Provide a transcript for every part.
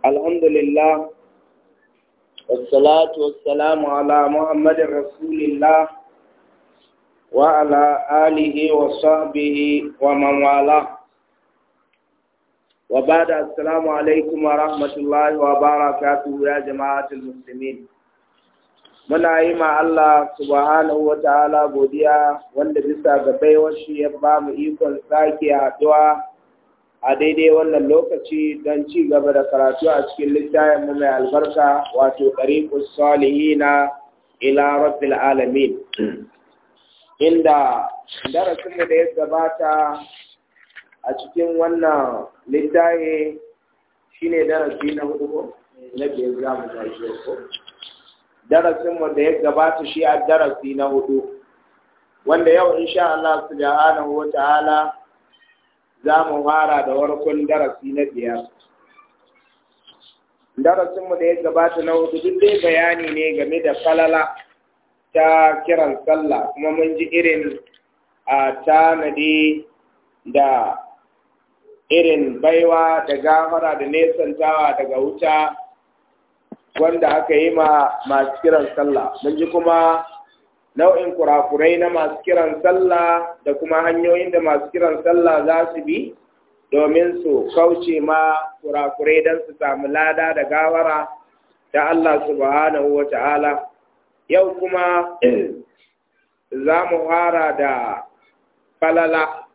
Al'amdu lillah. Wasu lati wasu salamu ala Muhammadu Rasulillah. Wa al'adu ya wa sabon man wala. Wabar da 'asalamu alaikum wa rahmatullahi wa barakata wuya jama'atin musulmin. Muna yi ma Allah Subhaana Uwa ta'ala godiya wanda bisa ga baiwan shi ya bamu ikon sake haɗuwa. a daidai wannan lokaci don ci gaba da karatu a cikin littafin mu mai albarka wato tariqus kusurali ila rabbil alamin inda darasin da ya gabata a cikin wannan shi ne darasi na hudu ko na biyar za mu tashi ko darasin mu da ya gabata shi a darasi na hudu wanda yau insha Allah subhanahu wa ta'ala za mu fara da warkon darasi na biyar darasinmu da ya gabata na hudu duk dai bayani ne game da falala ta kiran sallah kuma mun ji irin a tanadi da irin baiwa da gafara da nesantawa daga wuta wanda aka yi ma masu kiran sallah mun ji kuma nau'in kurakurai na masu kiran sallah da kuma hanyoyin da masu kiran sallah za su bi domin su kauce ma kurakurai don su samu lada da gawara ta Allah subhanahu wa ta'ala yau kuma za mu fara da falala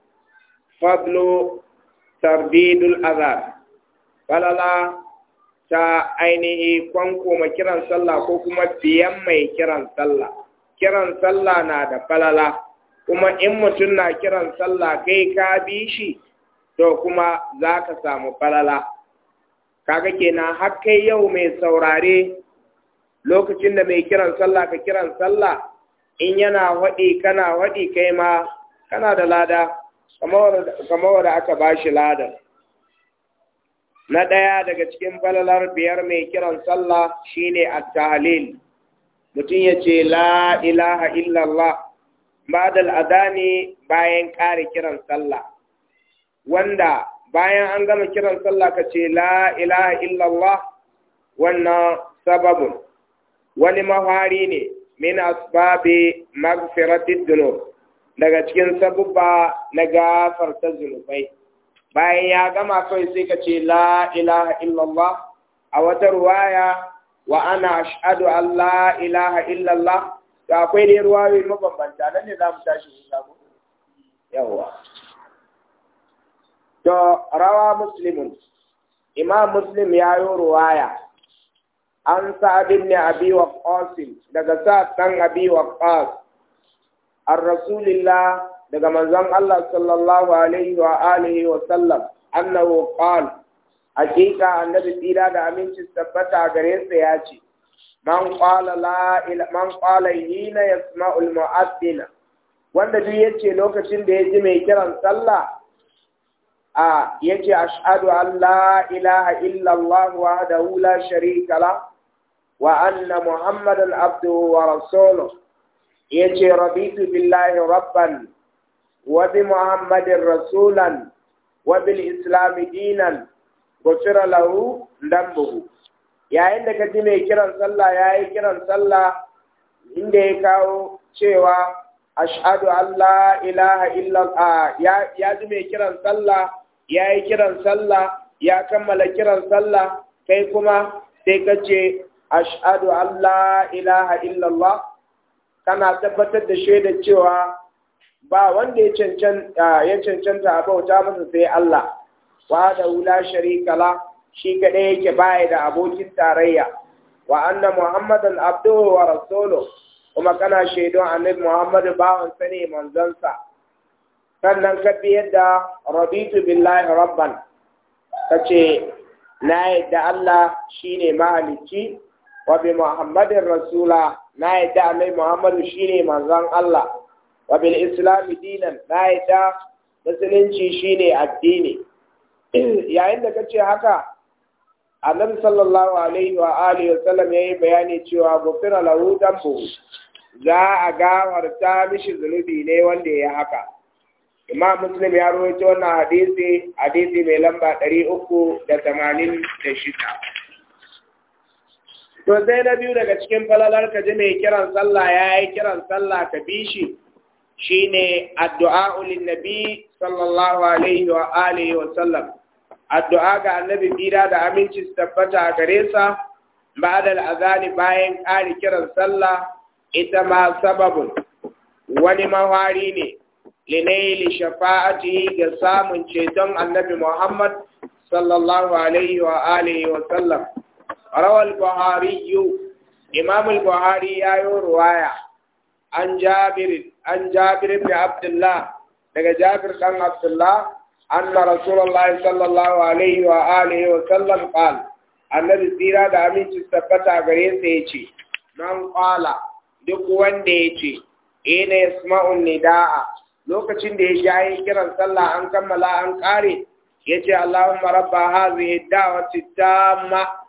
fadlo tarbidul azar falala ta ainihi kwankoma kiran sallah ko kuma biyan mai kiran sallah kiran sallah na da falala kuma in mutum na kiran sallah kai ka bi shi to kuma za ka samu falala kaga kenan har kai yau mai saurare lokacin da mai kiran sallah ka kiran sallah in yana waɗi kana waɗi kai ma kana da lada kamar da aka ba shi ladar na ɗaya daga cikin falalar biyar mai kiran sallah shine at mutum ya ce la ilaha illallah da adani bayan ƙari kiran sallah wanda bayan an gama kiran sallah ka ce la ilaha illallah wannan sababin wani mahari ne min asbabi magfiratid dunub daga cikin sabubba na gafarta zunubai bayan ya gama kawai sai ka ce la ilaha illallah a wata ruwaya wa ana ashhadu an la ilaha illallah da akwai ruwa ruwayoyi mabambanta nan ne za mu tashi mu samu yawa. to rawa muslimun imam muslim ya yi ruwaya an sa'ad ibn abi waqqas daga sa'ad dan abi waqqas ar rasulillah daga manzon Allah sallallahu alaihi wa alihi wa sallam annahu qala hakika annabi tsira da aminci tabbata gare sa ya ce man qala la man qala hina yasma'u muaddin wanda duk yace lokacin da yaji mai kiran sallah a yace ashhadu an la ilaha illa Allah wahdahu la sharika la wa anna muhammadan abduhu wa rasuluhu yace rabitu billahi rabban wa bi muhammadin rasulan wa bil dinan gufira lahu dambuhu yayin da ka ji mai kiran sallah ya yi kiran sallah inda ya kawo cewa ash'adu Allah ilaha illallah ya ji mai kiran sallah ya yi kiran sallah ya kammala kiran sallah kai kuma sai ka ce ash'adu Allah ilaha illallah kana tabbatar da shaida cewa ba wanda ya cancanta a bauta masa sai Allah da لا شريك la shi kaɗai yake baya da abokin tarayya wa anna muhammadan abduhu wa rasuluhu kuma kana shaidon annabi muhammadu bawan sani manzansa sannan ka bi yadda rabitu billahi rabban ka ce na yadda allah shine mahalicci wa bi muhammadin rasula na yadda annabi muhammadu shine manzan allah wa bil islam dinan na yadda musulunci shine addini yayin da ka ce haka annabi sallallahu alaihi wa alihi wa sallam yayi bayani cewa gufira lahu dambu za a gawarta mishi zunubi ne wanda ya haka imam muslim ya rawaito wannan hadisi hadisi mai lamba 386 to sai na biyu daga cikin falalar ka ji mai kiran sallah ya yi kiran sallah ka bi shi shine addu'a ulin nabi sallallahu alaihi wa alihi wa sallam addu'a ga annabi bira da aminci su tabbata a gare sa ba'da azani bayan ƙari kiran sallah ita ma sababin wani mahari ne linaili shafa'ati ga samun ceton annabi Muhammad sallallahu alaihi wa alihi wa sallam rawal buhari imam al-buhari yi ruwaya an jabir an jabir abdullah daga jabir dan abdullah anna rasulullahi sallallahu alaihi wa wa sallam qala annabi tsira da aminci tabbata gare sa yace man qala duk wanda yace ina yasma'un da'a. lokacin da ya sha jayi kiran sallah an kammala an kare yace allahumma rabba hadhihi da'wati tamma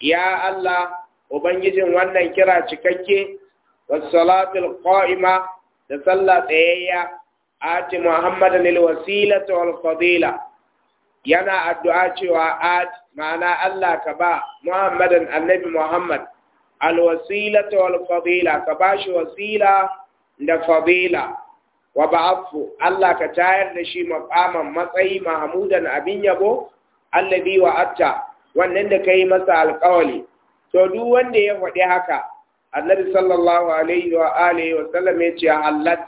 ya allah ubangijin wannan kira cikakke was salatul qa'ima da sallah tsayayya ati muhammadan alwasilata wal fadila yana addu'a cewa at ma'ana Allah ka ba muhammadan annabi muhammad alwasilata wal fadila ka ba shi wasila da fadila wa ba'afu Allah ka tayar da shi maqaman matsayi mahmudan abin yabo alladhi atta wannan da kai masa alƙawali to duk wanda ya faɗi haka annabi sallallahu alaihi wa alihi wa sallam ya ce halat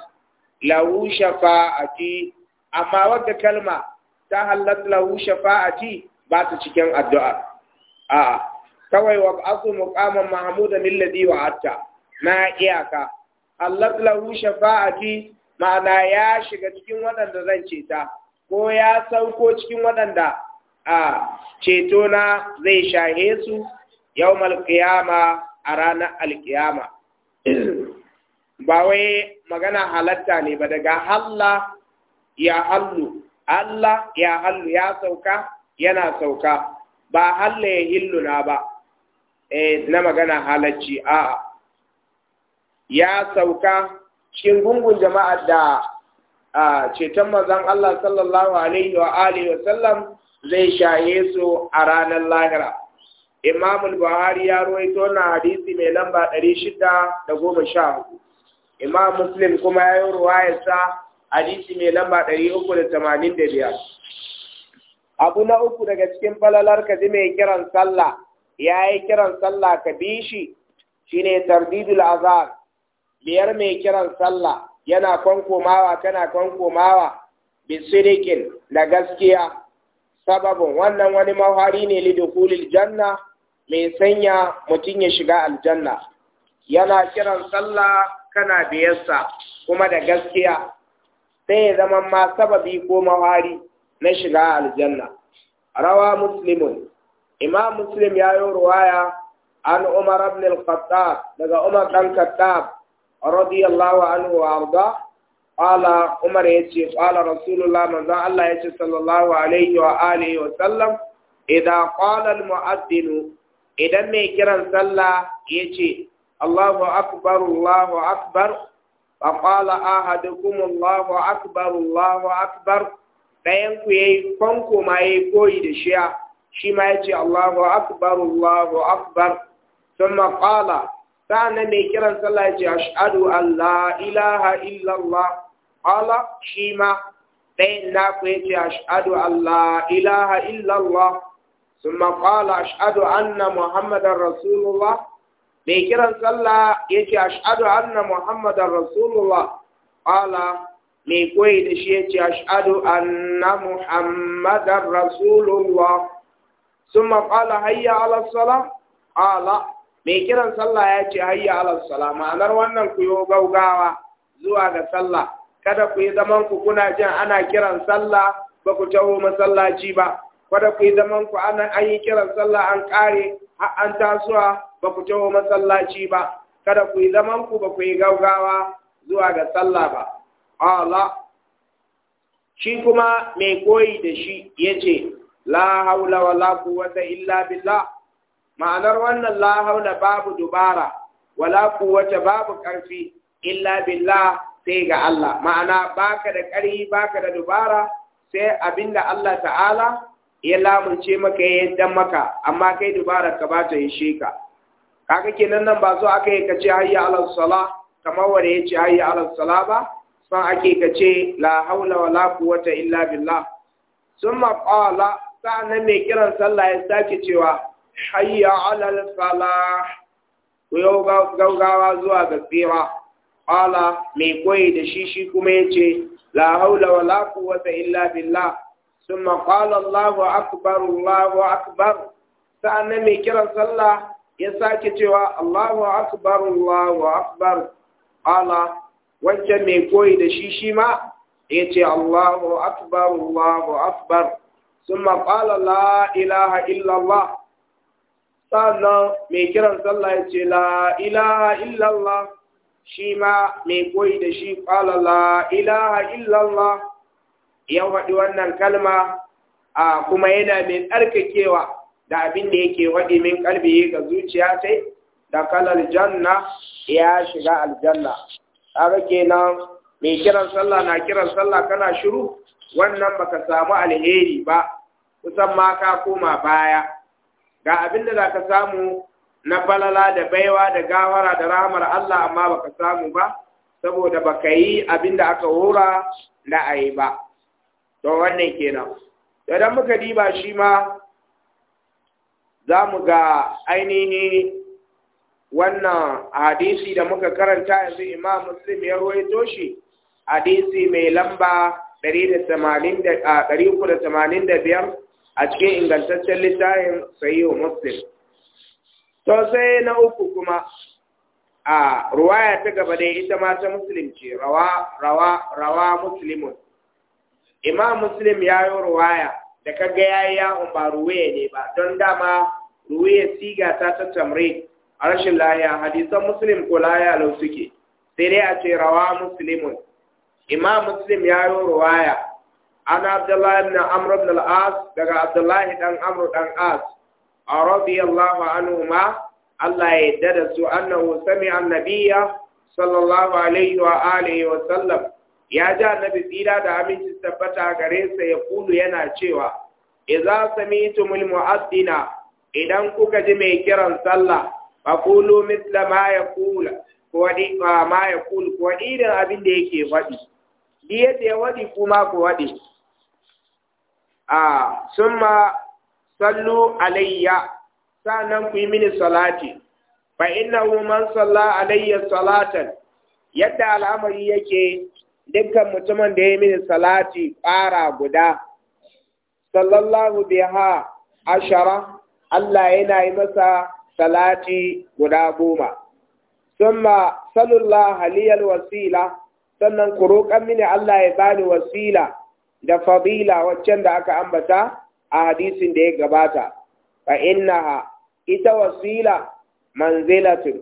lahu shafa'ati amma wadda kalma ta halatta lahu shafa'ati ba ta cikin addu'a a kawai wa ba'athu muqaman mahmudan alladhi wa'atta na iyaka halatta lahu shafa'ati ma'ana ya shiga cikin waɗanda zan ceta ko ya sauko cikin waɗanda a ceto na zai shahe su yawmal qiyama a ranar alkiyama ba wai magana halatta ne ba daga halla ya hallu Allah ya hallu ya sauka yana sauka ba Allah ya hilluna ba eh na magana halacci a'a ya sauka cikin gungun jama'a da a ceton mazan Allah sallallahu alaihi wa alihi wa sallam zai shaye su a ranar lahira Imamul buhari ya ruwaito na hadisi mai lamba 614 imam muslim kuma ya yi sa hadisi mai lamba 385 abu na uku daga cikin falalar ka ji mai kiran sallah ya yi kiran sallah ka bi shi ne tardidul azar biyar mai kiran sallah yana kwankomawa kana kwankomawa bisirikin da gaskiya sababin wannan wani mahari ne lidukulil janna mai sanya mutum ya shiga aljanna yana kiran sallah kana biyarsa kuma da gaskiya sai ya zama ma sababi ko mawari na shiga aljanna rawa muslimun imam muslim ya yi ruwaya an umar ibn al-khattab daga umar dan khattab radiyallahu anhu wa arda qala umar yace qala rasulullah manzo Allah yace sallallahu alaihi wa alihi wa sallam idan qala al idan mai kiran sallah yace Allahu akbar Allahu akbar فقال أحدكم الله أكبر الله أكبر ɗayan ku yayi fanko ma yayi koyi da shiya shi ma yace Allahu akbar Allahu akbar thumma qala sa'annan mai kiran sallah yace ashhadu an la ilaha illa Allah shi ma ɗayan na ku yace ashhadu an la ilaha illa anna muhammadar mai kiran sallah yace ashhadu anna muhammadar rasulullah qala mai koyi da shi ya yace ashhadu anna muhammadar rasulullah sun qala hayya ala salam mai kiran sallah ce hayya ala ma'anar wannan ku yi gaugawa zuwa ga sallah kada ku yi zaman ku kuna jin ana kiran sallah ba ku taho masallaci ba kada ku yi zaman ku an yi kiran sallah an kare an tasowa ba ku taho masallaci ba kada ku yi zaman ku ba ku yi gaugawa zuwa ga sallah ba Allah shi kuma mai koyi da shi yace la haula wala quwwata illa billah ma'anar wannan la haula babu dubara wala quwwata babu ƙarfi, illa billah sai ga Allah ma'ana baka da ƙarfi baka da dubara sai abinda Allah ta'ala ya lamunce maka ya yadda maka amma kai dubara ka ba ta yishe sheka kaga kenan nan ba zo aka yi kace hayya ala sala kamar wanda ce hayya ala sala ba san ake kace la haula wala quwwata illa billah summa qala sa'an mai kiran sallah ya sake cewa hayya ala sala ku yau gaugawa zuwa ga tsira qala mai koyi da shi shi kuma ya ce, la haula wala quwwata illa billah summa qala allahu akbar allahu akbar sa'an mai kiran sallah ya sake cewa Allahu akbar Allahu akbar ala wancan mai koyi da shi shi ma ya ce Allahu akbar Allahu akbar summa qala la ilaha illa Allah sannan mai kiran sallah ya ce la ilaha illa Allah shi ma mai koyi da shi qala la ilaha illa Allah ya waɗi wannan kalma a kuma yana mai tsarkakewa da abin da yake waɗi min kalbi ga zuciya sai da kalar janna ya shiga aljanna kaga kenan mai kiran sallah na kiran sallah kana shiru wannan baka samu alheri ba kusan ma ka koma baya ga abin da zaka samu na falala da baiwa da gawara da rahamar Allah amma baka samu ba saboda baka yi abin da aka hora da ayi ba to wannan kenan idan muka diba shi ma za mu ga ainihi wannan hadisi da muka karanta yanzu imam muslim ya ruwaito shi hadisi mai lamba 385 a cikin ingantaccen littafin wa muslim to sai na uku kuma a ruwaya ta gaba dai ita ma ta muslim ce rawa rawa rawa muslimun imam muslim ya yi ruwaya da ka ga yayi ya ba ruwaya ne ba don dama ruwaya siga ta ta tamre a rashin lahiya hadisan muslim ko lahiya lau suke sai dai a ce rawa muslimun imam muslim ya yi ruwaya Ana abdullahi ibn amr ibn al-as daga abdullahi dan amr dan as A radiyallahu anhuma Allah ya yi da su annahu sami annabiya sallallahu alaihi wa alihi wa sallam ya ji annabi tsira da aminci tabbata gare sa ya kulu yana cewa idza mul mu'addina idan kuka ji mai kiran sallah kulu mithla ma yaqul ko di ma yaqul ko irin abin da yake faɗi bi yadda ya waɗi kuma ku waɗi a summa sallu alayya sanan ku yi mini salati fa innahu man salla alayya salatan yadda al'amari yake dukkan mutumin da ya mini salati ƙara guda sallallahu biha ashara Allah yana yi masa salati guda goma summa sallallahu haliyar wasila sannan ku roƙan mini Allah ya bani wasila da fadila waccan da aka ambata a hadisin da ya gabata fa ha, ita wasila manzilatun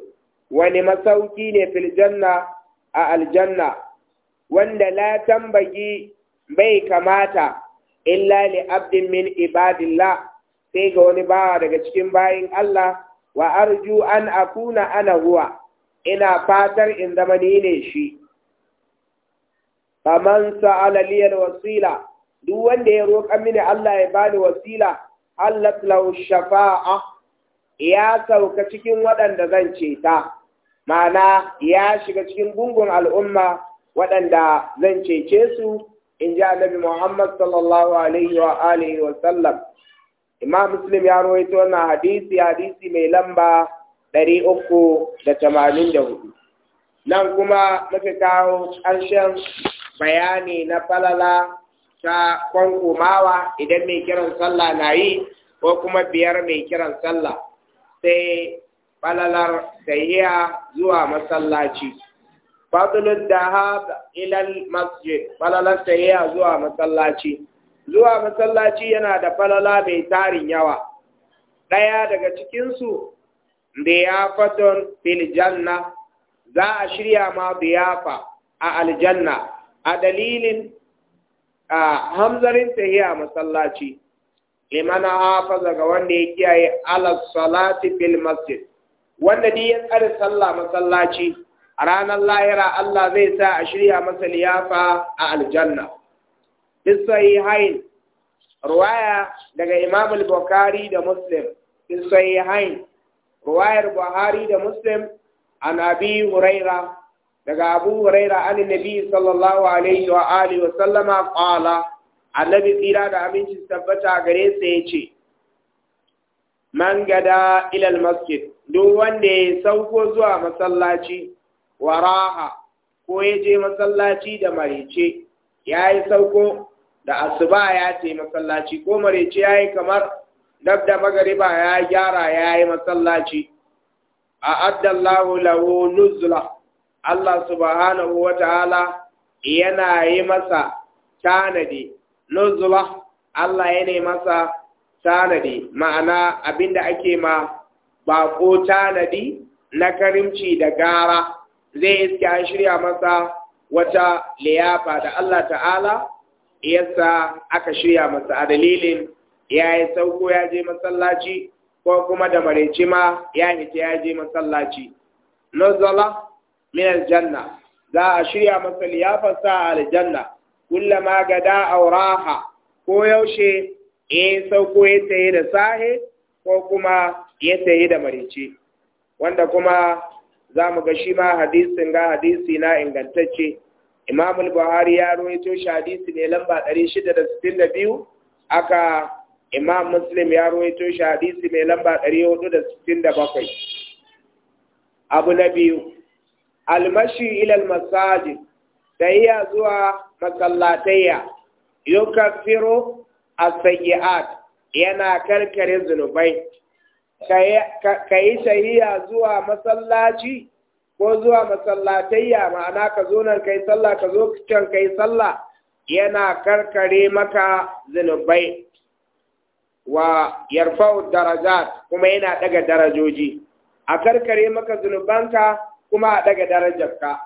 wani masauki ne fil janna a aljanna wanda la tambagi bai kamata illa li abdin min ibadillah sai ga wani bawa daga cikin bayin Allah wa arju an akuna ana huwa ina fatar in zama ni ne shi faman sa'ala alaliyar wasila duk wanda ya roƙa mini Allah ya bani wasila Allah lahu shafa'a ya sauka cikin waɗanda zan ceta ma'ana ya shiga cikin gungun al'umma waɗanda zan cece su in ji annabi Muhammad sallallahu alaihi wa alihi wa sallam Imam Muslim ya rawaito wannan hadisi hadisi mai lamba 384 nan kuma muka kawo ƙarshen bayani na falala ta kwankumawa idan mai kiran sallah na yi ko kuma biyar mai kiran sallah sai falalar tahiya zuwa masallaci. da dahab ila masjid falalar sayya zuwa masallaci zuwa masallaci yana da falala mai tarin yawa ɗaya daga cikinsu diyafatun fil janna za a shirya ma diyafa a aljanna a dalilin a hamzarin tahiya masallaci liman hafaza ga wanda ya kiyaye ala salati fil masjid wanda ni ya sallah masallaci a ranar lahira Allah zai sa a shirya masa liyafa a aljanna duk sahihain ruwaya daga Imam al-Bukhari da Muslim duk sahihain ruwayar Buhari da Muslim a Abi Huraira daga Abu Huraira an Nabi sallallahu alaihi wa alihi wa sallama qala annabi tsira da aminci tabbata gare sa yace man gada ilal masjid duk wanda ya sauko zuwa masallaci waraha ko ya je masallaci da marece ya yi sauko da asuba ya ce masallaci ko marece ya yi kamar dab da magariba ya gyara ya yi masallaci a addallahu lahu nuzula Allah subhanahu wa ta'ala yana yi masa tanadi nuzula Allah ya yi masa tanadi ma'ana abinda ake ma baƙo tanadi na karimci da gara zai iske an shirya masa wata liyafa da Allah ta'ala yasa aka shirya masa a dalilin ya yi sauko ya je masallaci ko kuma da maraice ma ya hita ya je masallaci nuzala min aljanna za a shirya masa liyafar sa a aljanna kullama gada auraha ko yaushe ya sauko ya tayi da sahe ko kuma ya tayi da maraice wanda kuma za mu ga shi ma hadisin ga hadisi na ingantacce imam al-buhari ya rawaito shi hadisi ne lamba 662 aka imam muslim ya rawaito shi hadisi mai lamba 467 abu na biyu almashi masajin da iya zuwa masallatayya yukaffiru a sayyiat yana karkare zunubai ka yi shahiya zuwa masallaci ko zuwa masallatayya ma'ana ka zo nan kai sallah ka zo can kai sallah yana karkare maka zunubai wa yarfa'u darajat kuma yana daga darajoji a karkare maka zunubanka kuma a daga darajarka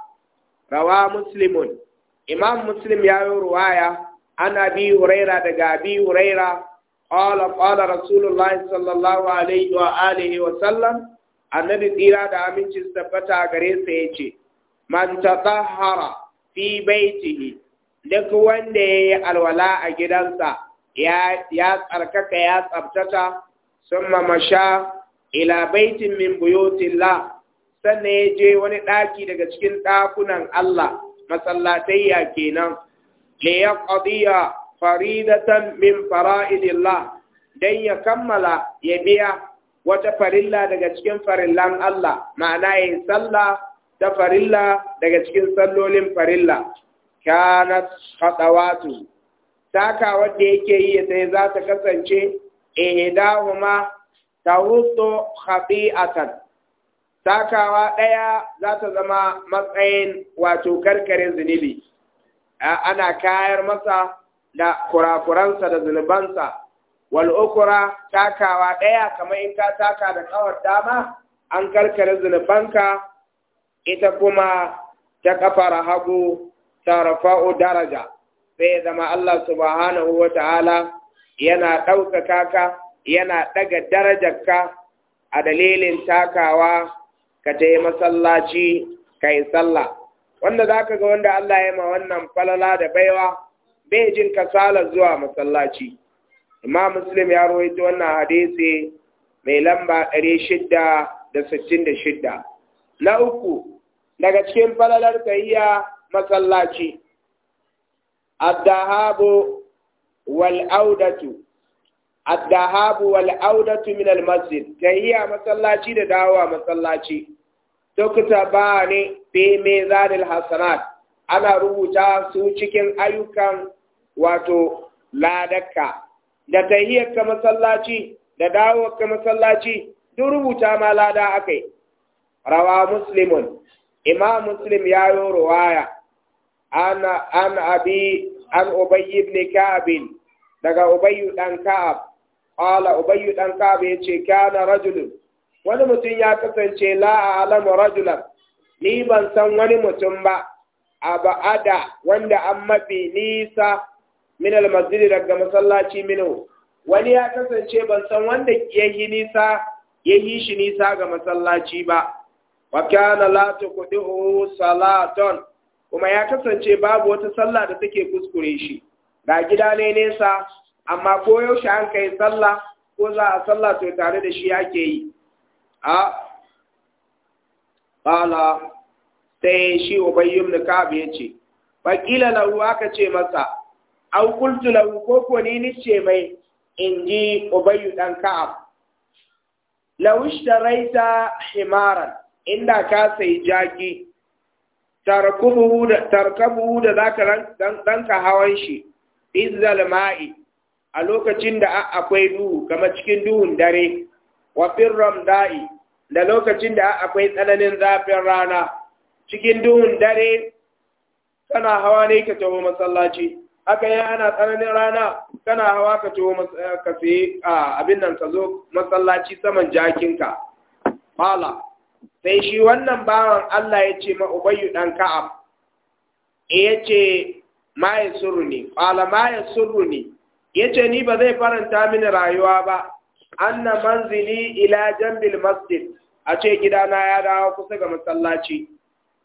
rawa muslimun imam muslim ya yi ruwaya ana bi huraira daga bi huraira qala qala rasulullahi sallallahu alaihi wa alihi wa sallam annabi tsira da amincin su tabbata gare sa yace man tatahhara fi baitihi duk wanda yi alwala a gidansa ya tsarkaka ya tsabtata sun mamasha ila baitin min buyutillah sannan ya je wani ɗaki daga cikin ɗakunan Allah masallatai ya kenan li yaqdiya faridatan min fara'idillah dan ya kammala ya biya wata farilla daga cikin farillan Allah ma'ana yi sallah ta farilla daga cikin sallolin farilla kanat khatawatu taka wanda yake yi sai za ta kasance ihdahuma tahuddu khati'atan takawa ɗaya za ta zama matsayin wato karkarin zunubi ana kayar masa da kurakuransa da zunubansa wal ukura takawa ɗaya kamar in ka taka da kawar dama an karkare zunubanka ita kuma ta kafara hagu ta rafa'u daraja sai zama Allah subhanahu wa ta'ala yana ɗaukaka ka yana ɗaga darajarka a dalilin takawa ka ta masallaci ka yi sallah wanda za ka ga wanda Allah ya ma wannan falala da baiwa bai jin kasala zuwa masallaci imam muslim ya rawaito wannan hadisi mai lamba 666 na uku daga cikin falalar tsayiya masallaci addahabu wal audatu addahabu wal audatu min al masjid tsayiya masallaci da dawowa masallaci tukuta ba ne me mezanil hasanat ana rubuta su cikin ayyukan wato ladakka da tahiyar ka masallaci da dawowar ka masallaci duk rubuta ma lada akai rawa muslimun imam muslim ya yi ruwaya ana an abi an ubay ibn ka'ab daga ubay dan ka'ab qala ubay dan ka'ab yace kana rajul wani mutum ya kasance la alamu rajulan ni ban san wani mutum ba abada wanda an mafi nisa min almasjid daga masallaci Mino. wani ya kasance ban san wanda ya yi nisa ya shi nisa ga masallaci ba wa kana la tuqdihu salatan kuma ya kasance babu wata sallah da take kuskure shi ga gida ne nesa amma ko yaushe an kai sallah ko za a sallah to tare da shi ake yi a Bala sai shi ubayy ka ya yace Baƙila na, lahu aka ce masa aw qultu lahu ko ko ni ce mai inji ubayyu dan ka'ab law ishtaraita himaran inda ka sai jaki tarkubuhu da tarkabuhu da zaka dan ka hawan shi izal ma'i a lokacin da akwai duhu kama cikin duhun dare wa firram da'i da lokacin da akwai tsananin zafin rana cikin duhun dare kana hawa ne ka taho masallaci aka yi ana tsananin rana kana hawa ka ciwo eh, ka sayi abin nan ka zo masallaci saman jakinka Bala, sai shi wannan bawan Allah ya ce ma Ubayyu ɗan Ka'ab, eh, ya ce ma ya surru ne, ƙwala ma ya surru ne, ya ce ni ba zai faranta mini rayuwa ba, anna manzili ila jambil masjid, a ce gidana ya dawo kusa ga masallaci.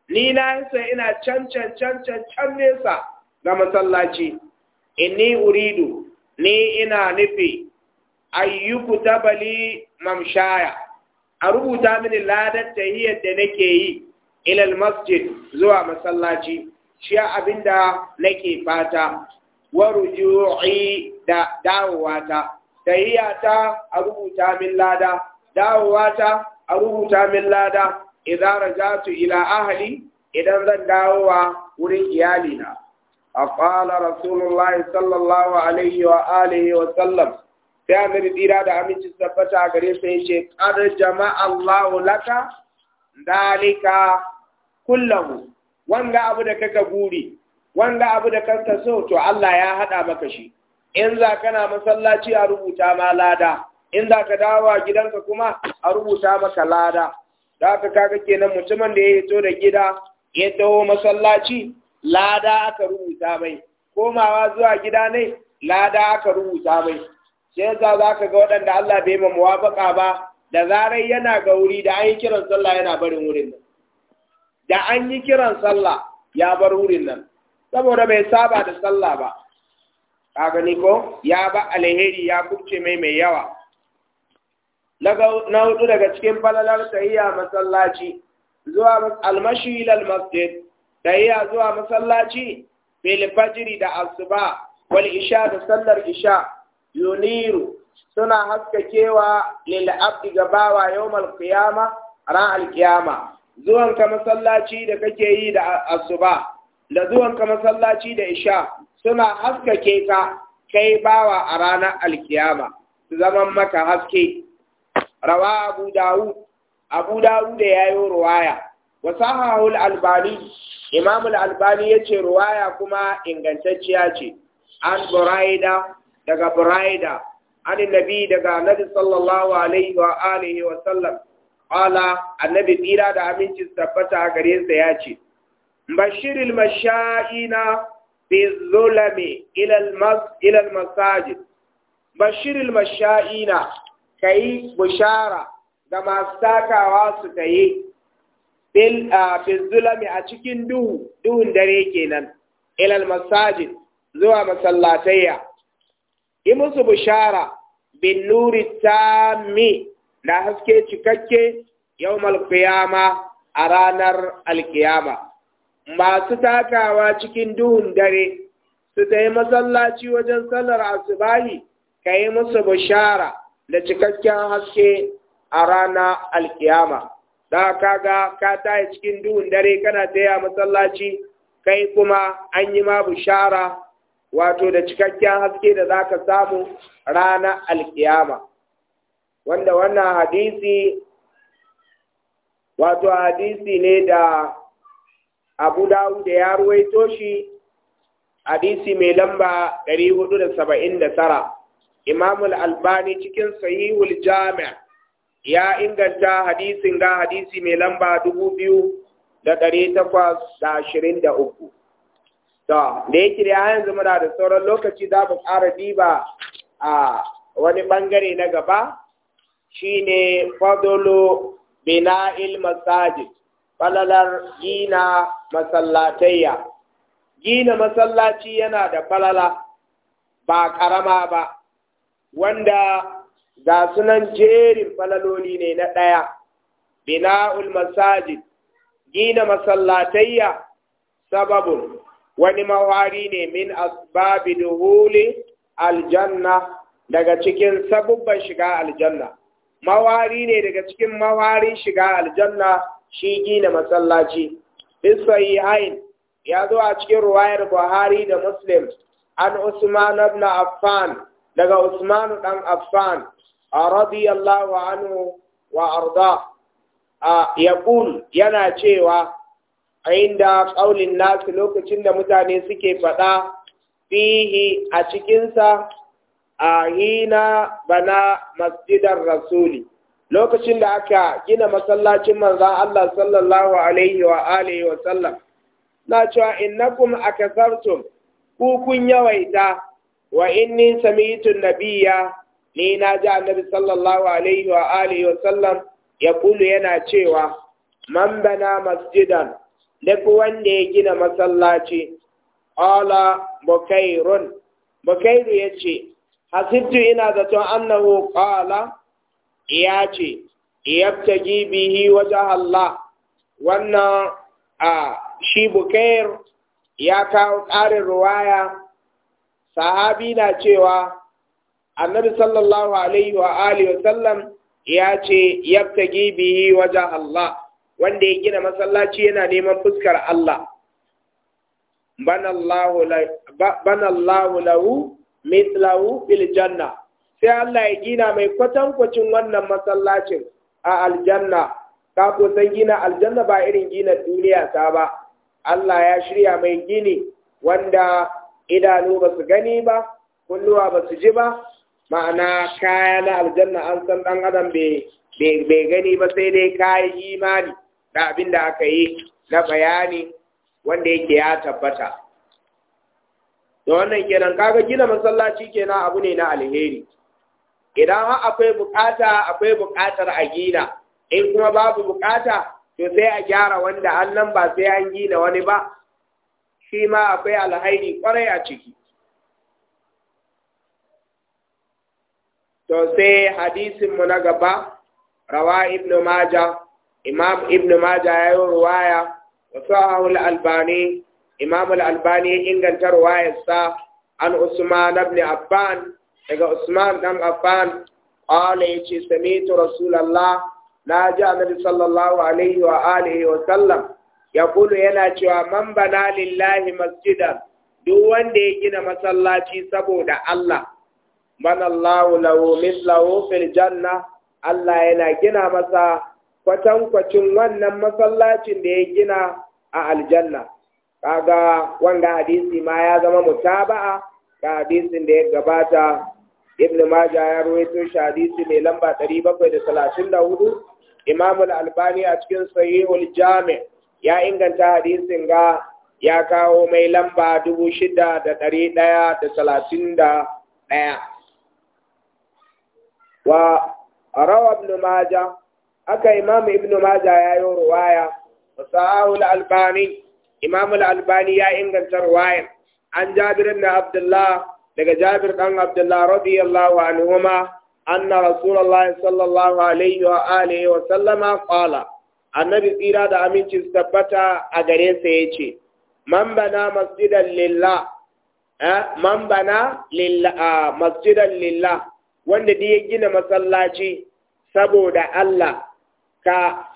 Ni na sai ina can can can can can nesa na masallaci inni uridu ni ina nufi ayyuku tabali mamshaya a rubuta mini ladar tahiyyar da nake yi ilal masjid zuwa masallaci shi abinda nake fata wa ruju'i da dawowata tahiyyata a rubuta min lada dawowata a rubuta min lada idan rajatu ila ahli idan zan dawo wa wurin iyalina A رسول الله صلى الله عليه وآله وسلم sai annabi da aminci tabbata a gare sa yace qad jama'a Allahu laka dalika kullahu wanga abu da kaka guri wanga abu da kanka so to Allah ya haɗa maka shi in za kana masallaci a rubuta ma lada in za ka dawo gidanka kuma a rubuta maka lada da ka kaga kenan mutumin da ya hito da gida ya taho masallaci lada aka rubuta mai komawa zuwa gida ne lada aka rubuta mai shi yasa za ka ga waɗanda Allah bai ma muwafaka ba da zarai yana ga wuri da an yi kiran sallah yana barin wurin nan da an yi kiran sallah ya bar wurin nan saboda bai saba da sallah ba ka gani ko ya ba alheri ya kubce mai mai yawa na hudu daga cikin falalar sahiya masallaci zuwa almashi ilal masjid tayya zuwa masallaci bil fajri da asuba wal isha da sallar isha yuniru suna haskakewa lil abdi gabawa yawmal qiyama ran al qiyama zuwan ka masallaci da kake yi da asuba da zuwan ka masallaci da isha suna haskake ka kai bawa a ranar al su zaman maka haske rawa abu dawud abu dawud da yayo ruwaya wa sahahul albani imam al-albani yace ruwaya kuma ingantacciya ce an buraida daga buraida an nabi daga annabi sallallahu alaihi wa alihi wa sallam qala annabi tsira da aminci tabbata gare sa yace bashiril mashaina bi zulami ila al-mas ila al-masajid bashiril mashaina kai bushara ga masu takawa su bil zulami a cikin duhu duhun dare kenan ilal masajid zuwa masallatayya yi musu bishara bin nuri tammi na haske cikakke yawmal qiyama a ranar alkiyama masu takawa cikin duhun dare su ta yi masallaci wajen sallar asubahi ka yi musu bishara da cikakken haske a rana alkiyama da kaga ka taya cikin duhun dare kana taya masallaci kai kuma an yi ma bushara wato da cikakken haske da za ka samu rana alkiyama wanda wannan hadisi wato hadisi ne da abu dawud da ya ruwaito shi hadisi mai lamba 479 imamul albani cikin sahihul jami'a ya inganta hadisin ga hadisi mai lamba dubu biyu da ɗari takwas da ashirin da uku. To, da yake da yayin muna da sauran lokaci za mu ƙara diba a wani ɓangare na gaba shi ne fadolo bina'il masajid, falalar gina masallatayya. Gina masallaci yana da falala ba ƙarama ba, wanda ga sunan jerin falaloli ne na ɗaya bina'ul masajid gina masallatayya Sababu wani mawari ne min asbabi duhuli aljanna daga cikin sabubban shiga aljanna mawari ne daga cikin mawarin shiga aljanna shi gina masallaci hain. ya zo a cikin ruwayar buhari da muslim an usman ibn affan daga usmanu ɗan affan رضي الله عنه وأرضاه يقول yana cewa a inda قول الناس lokacin da mutane suke faɗa fihi a cikin sa, a hina bana masjidar rasuli lokacin da aka gina masallacin manzan Allah sallallahu na cewa innakum akasartum ku kukun yawaita wa inni sami'tu Nabiya. ni na ji annabi sallallahu alaihi wa alihi wa sallam ya kulu yana cewa man bana masjidan duk wanda ya gina masallaci ala bukairun bukairu ce hasibtu ina zaton annahu qala ya ce yabtaji bihi wajha Allah wannan a shi bukair ya kawo ƙarin ruwaya sahabi na cewa annabi sallallahu alaihi wa alihi wa sallam ya ce yabtagi bihi wajen Allah wanda ya gina masallaci yana neman fuskar Allah banallahu lahu mithlahu fil janna sai Allah ya gina mai kwatankwacin wannan masallacin a aljanna ka san gina aljanna ba irin gina duniya ta ba Allah ya shirya mai gini wanda idanu ba su gani ba kunnuwa ba su ji ba ma'ana kaya na aljanna an san ɗan adam bai gani ba sai dai kayan imani da abin da aka yi na bayani wanda yake ya tabbata da wannan kenan kaga gina masallaci kenan abu ne na alheri idan akwai bukata akwai bukatar a gina in kuma babu bukata to sai a gyara wanda an nan ba sai an gina wani ba shi ma akwai alhairi kwarai a ciki to sai hadisin mu na gaba rawa ibnu maja imam ibnu maja ya yi ruwaya wa sahahul imam al-albani ya inganta ruwayarsa an usman ibn affan daga usman dan affan qala yace sami'tu rasulullah na ji annabi sallallahu alaihi wa wa sallam yaqulu yana cewa Mambana lillahi masjidan duk wanda ya gina masallaci saboda Allah Manallahu na lahu mislahu fil janna Allah yana gina masa kwatankwacin wannan masallacin da ya gina a aljanna kaga wanga hadisi ma ya zama mutaba'a ga hadisin da ya gabata ibn majah ya rawaito shi hadisi mai lamba 734 imam al-albani a cikin sahihul jami ya inganta hadisin ga ya kawo mai lamba ɗaya. wa rawa ibn maja aka imam ibn maja ya yi ruwaya wa sahahu imam al-albani ya inganta ruwayar an jabir ibn abdullah daga jabir dan abdullah radiyallahu anhuma anna rasulullah sallallahu alaihi wa wa sallama qala annabi tsira da aminci su tabbata a gare sa yace man bana masjidan lillah eh, wanda dai ya gina masallaci saboda Allah ka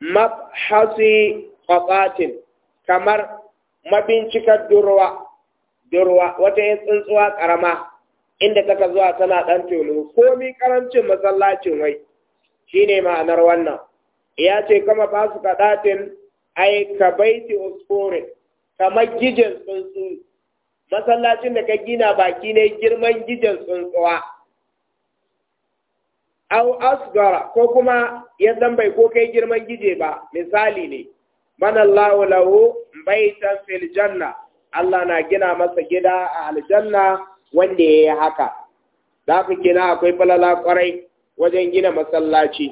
mafhasi qatatin kamar mabincikar durwa durwa wata yin tsuntsuwa karama inda taka zuwa tana dan tolo komi karancin masallacin wai shine ma'anar wannan ya ce kama fasu kadatin ai ka baiti uskore kamar gijin tsuntsu masallacin da ka gina baki ne girman gijin tsuntsuwa au asgara ko kuma ya zan bai ko kai girman gije ba misali ne man Allahu lahu baitan fil janna Allah na gina masa gida a aljanna wanda yayi haka da ku gina akwai falala kwarai wajen gina masallaci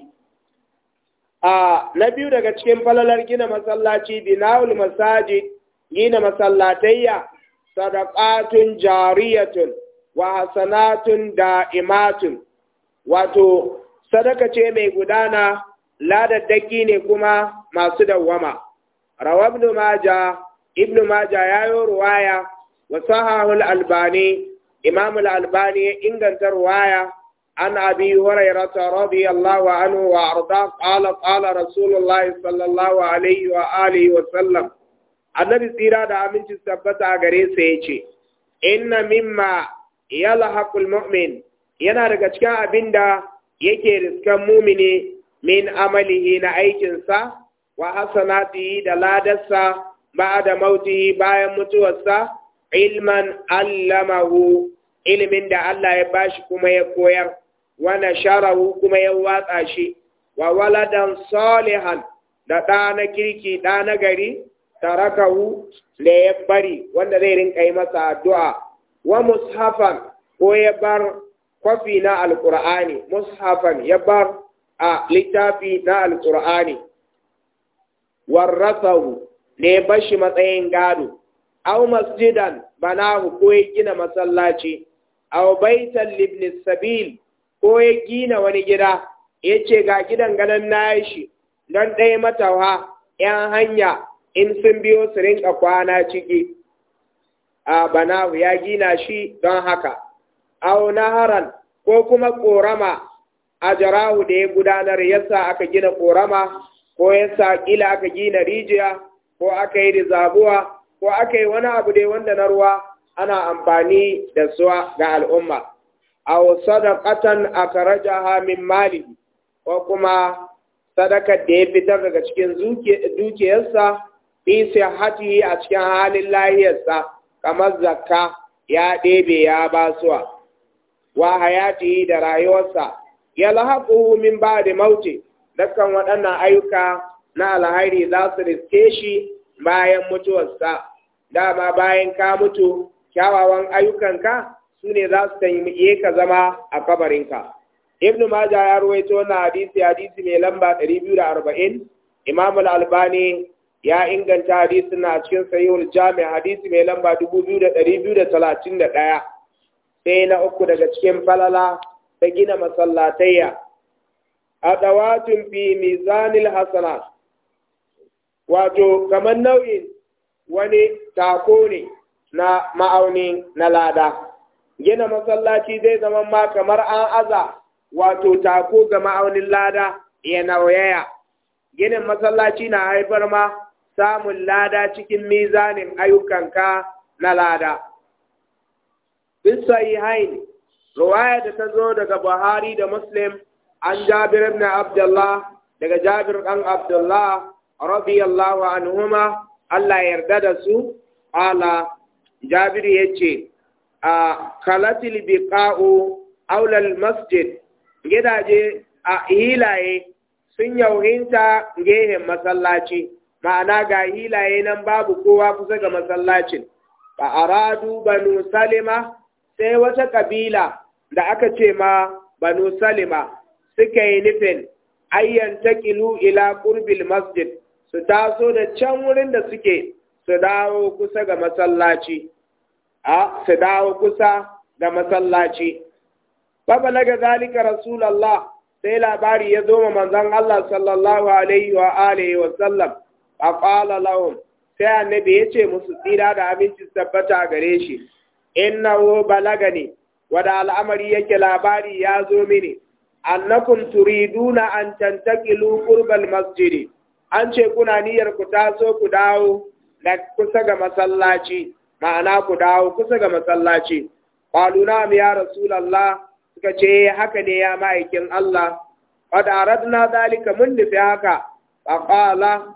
a na biyu daga cikin falalar gina masallaci binaul masajid gina masallatayya sadaqatun jariyatun wa hasanatun da'imatun wato sadaka ce mai gudana ladaddaki ne kuma masu dawwama rawa ibn maja ibn maja yi ruwaya wa sahahul albani imam albani ya inganta ruwaya an abi hurairata Rabi Allah wa arda qala qala rasulullahi sallallahu alaihi wa alihi wa sallam annabi tsira da aminci tabbata a gare sa yace inna mimma yalhaqul mu'min yana daga cikin abin da yake riskan mumini min amalihi na aikinsa wa hasanatihi da ladarsa ba da mautihi bayan mutuwarsa ilman allamahu ilimin da Allah ya bashi kuma ya koyar wa nasharahu kuma ya watsa shi wa waladan salihan da ɗa na kirki ɗa na gari tarakahu da ya bari wanda zai rinka yi masa addu'a wa mushafan ko ya bar kwafi na alƙur'ani mushafan ya bar a littafi na alƙur'ani warrasahu ne bashi matsayin gado au masjidan banahu ko ya gina masallaci au baitan libni sabil ko ya gina wani gida ya ce ga gidan ganin na shi don ɗaya matawa ‘yan hanya in sun biyo su rinka kwana ciki a banahu ya gina shi don haka aw naharan ko kuma ƙorama a jarahu da ya gudanar yasa aka gina ƙorama ko yasa ƙila aka gina rijiya ko aka yi rizabuwa ko aka yi wani abu dai wanda na ruwa ana amfani da su ga al'umma a sadaqatan akhrajaha min mali ko kuma sadakar da ya fitar daga cikin dukiyarsa fi sihhatihi a cikin halin lahiyarsa kamar zakka ya ɗebe ya basuwa wa hayati da rayuwarsa ya lahaquhu min da mauti dukkan waɗannan ayyuka na alhairi za su riske shi bayan mutuwarsa dama bayan ka mutu kyawawan ayyukanka su ne za su taimake ka zama a kabarinka ibnu maja ya ruwaito wannan hadisi hadisi mai lamba 240 imam albani ya inganta hadisi na cikin sahihul jami hadisi mai lamba 2231 sai na uku daga cikin falala ta gina masallatayya ɗawatin fi mizanil hasana, wato kamar nau'in wani tako ne na ma'auni na lada gina masallaci zai zama ma kamar an aza wato tako ga ma'aunin lada ya nauyaya ginin masallaci na haifar ma samun lada cikin mizanin ayyukanka na lada bis hain riwaya da ta zo daga Buhari da Muslim an Jabir ibn Abdullah daga Jabir dan Abdullah radiyallahu anhuma Allah yarda da su ala Jabir yace a kalatil biqa'u aulal masjid gidaje a hilaye sun yauhinta gehen masallaci ma'ana ga hilaye nan babu kowa kusa ga masallacin Ba aradu banu salima sai wata kabila da aka ce ma banu salima suka yi nufin ayyan taƙilu ila ƙurbil masjid su taso da can wurin da suke su dawo kusa ga masallaci a su dawo kusa ga masallaci ga zalika sai labari ya zo ma manzon Allah sallallahu alaihi wa alihi wa sallam a qala lahum sai annabi ya ce musu tsira da abinci tabbata gare shi balaga balagani wada al'amari yake labari ya zo mini annakum turiduna an tantaqilu qurbal masjidi an ce kuna niyyar ku taso ku dawo da kusa ga masallaci ma'ana ku dawo kusa ga masallaci qalu ya rasulullah suka ce eh, haka ne ya ma'aikin Allah qad aradna zalika mun nufi haka fa qala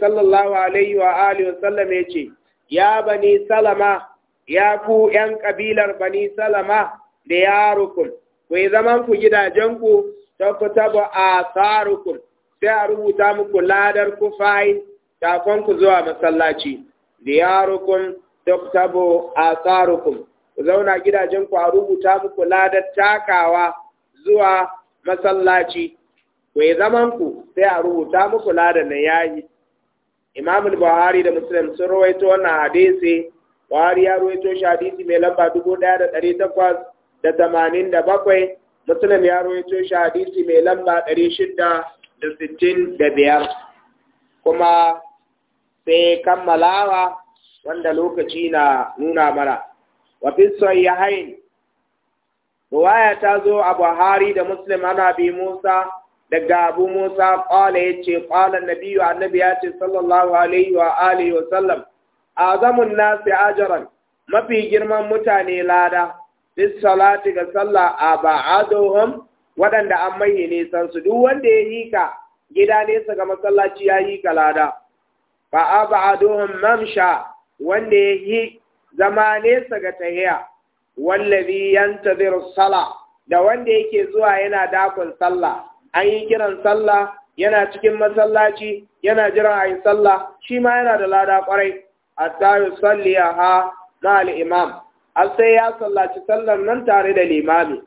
sallallahu alaihi wa alihi wa sallam ya ce ya bani salama ya ku ‘yan ƙabilar Bani Salama da ya rukun. ku yi zaman ku gidajenku ta ku taba a tsarukun, sai a rubuta muku ladar ku fayi, takon ku zuwa masallaci, da ya rukun ta ku taba a tsarukun, ku zauna gidajenku a rubuta muku ladar takawa zuwa masallaci, ku yi zaman ku sai a rubuta muku ladar na yayi. Imam Buhari da Muslim sun rawaito wannan hadisi Buhari ya ruwaito shi hadisi mai lamba dubu ɗaya da ɗari takwas da tamanin da bakwai, musulun ya ruwaito shi hadisi mai lamba ɗari shida da sittin da biyar. Kuma sai kammalawa wanda lokaci na nuna mana. Wafin hain Ruwaya ta zo a Buhari da musulun ana bi Musa daga Abu Musa ƙwala ya ce ƙwala nabiyu annabi ya ce sallallahu alaihi wa alihi wa sallam azamun nasi ajaran mafi girman mutane lada bis salati ga sallah a ba'aduhum waɗanda an maye nisan su duk wanda ya yi ka gida nesa ga masallaci ya yi ka lada fa aba'aduhum mamsha wanda ya yi zama nesa ga tahiya wallazi yantadhiru sala da wanda yake zuwa yana dakon sallah an yi kiran sallah yana cikin masallaci yana jiran a yi sallah shi ma yana da lada kwarai hatta salliyaha ma'al imam har sai ya sallaci sallar nan tare da limami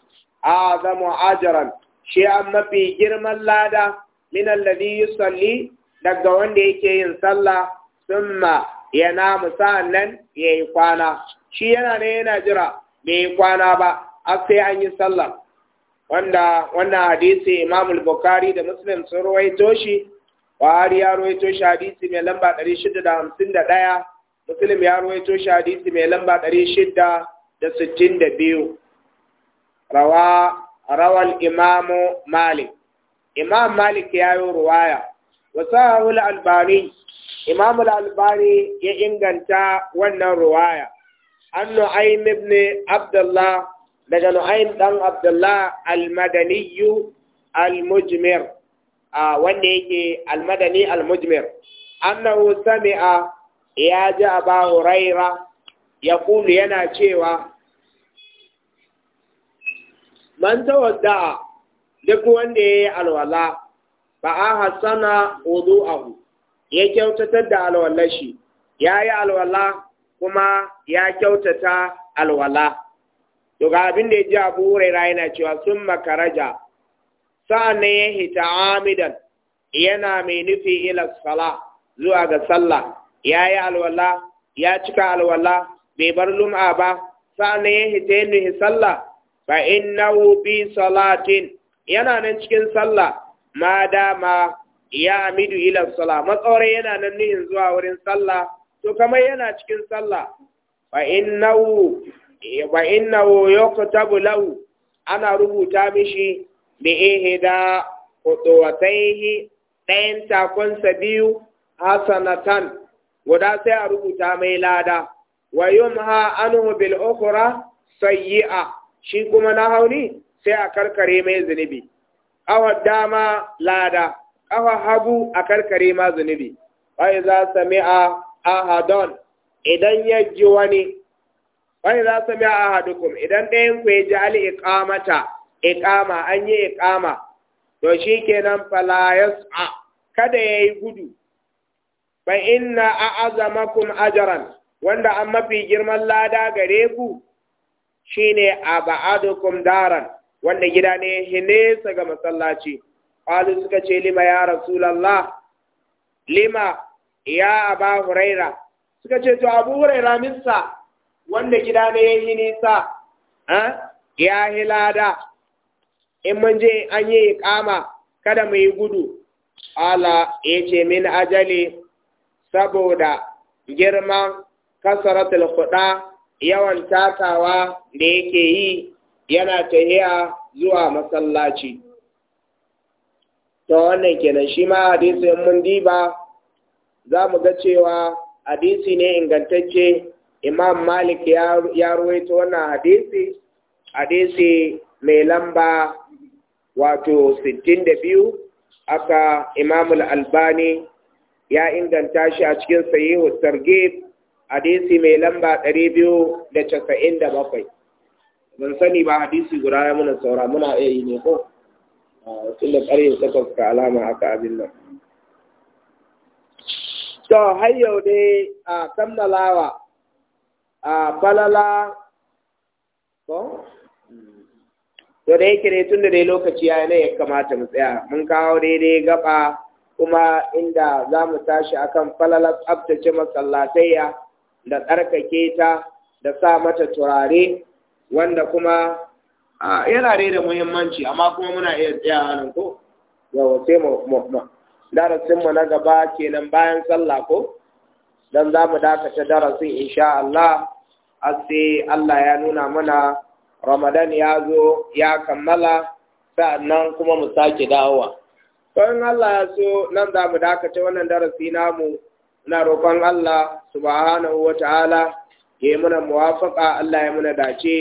azamu ajran shi an mafi girman lada min alladhi yusalli daga wanda yake yin sallah summa ya namu sa'annan ya yi kwana shi yana ne yana jira bai yi kwana ba har sai an yi sallah wanda wannan hadisi imamul bukhari da muslim sun ruwaito shi wa har ya ruwaito shi hadisi mai lamba 651 muslim ya ruwaito shi hadisi mai lamba 662 rawa rawal imamu malik imam malik ya yi ruwaya wasahu al-albani Imamu albani ya inganta wannan ruwaya an nu'aym ibn abdullah daga nu'aym dan abdullah al-madani al-mujmir wanda yake al almujmir al-mujmir annahu sami'a ya ji aba huraira ya kulu yana cewa man tawadda duk wanda ya yi alwala ba a hassana wudu'ahu ya kyautatar da alwala shi ya yi alwala kuma ya kyautata alwala Duk ga abin da ya ji abu huraira yana cewa sun makaraja sa'an ya hita amidan yana mai nufi ila sala zuwa ga sallah ya yi alwala ya cika alwala bai bar lum'a ba sa'an ya hita yin nuhi sallah fa innahu bi salatin yana nan cikin sallah ma dama ya amidu ila sallah matsaurai yana nan nuhin zuwa wurin sallah to kamar yana cikin sallah fa innahu wa innahu yuktabu lahu ana rubuta mishi bi ihda qudwatayhi ɗayan takonsa biyu hasanatan guda sai a rubuta mai lada wa yumha anhu bil yi a. shi kuma na hauni sai a karkare mai zunubi awa dama lada awa hagu a karkare ma zunubi ahadon idan ya wani wani za su sami a hadukum idan ɗayan ku ya ji al iqamata iqama an yi iqama to shikenan fala a. kada yayi gudu fa inna a'azamakum ajran wanda an mafi girman lada gare ku shine aba'adukum daran wanda gida ne nesa ga masallaci qalu suka ce lima ya rasulullah lima ya aba huraira suka ce to abu huraira minsa wanda gida ne yi nisa ya hilada in mun je an yi kama kada mu yi gudu ala yace min ajali saboda girma, kasaratul kuɗa yawan takawa da yake yi yana tahiya zuwa masallaci Ta wannan kenan shi ma hadisi mun diba za mu ga cewa hadisi ne ingantacce imam malik ya ruwaito wannan hadisi hadisi mai lamba wato 62 aka imamul albani ya inganta shi a cikin sahihu targhib hadisi mai lamba 297 ban sani ba hadisi guda ya muna saura muna iya yi ne ko ah, da ƙarfe takwas ka alama aka abin nan to har yau dai a kammalawa a falala ko to da yake ne tun da dai lokaci ya yi ne ya kamata mu tsaya mun kawo daidai gaba kuma inda za mu tashi kan falalar tsabtace masallatayya da tsarkake ta da sa mata turare wanda kuma yana rai da muhimmanci amma kuma muna iya tsayawa nan ko yawa sai mu na gaba kenan bayan sallah ko don za mu dakata darasin insha Allah sai Allah ya nuna mana Ramadan ya zo ya kammala sa'annan kuma mu sake dawowa. فإن الله سو نمضى مداكة وندرس نامو نروفان الله سبحانه وتعالى يمنا موافقة الله يمنا داشي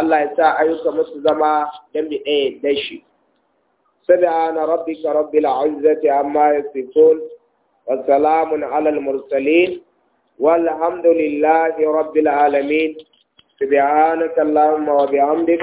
الله يسا أيوك مسلما دم بي داشي سبحان ربك رب العزة عما يصفون والسلام على المرسلين والحمد لله رب العالمين سبحانك اللهم وبحمدك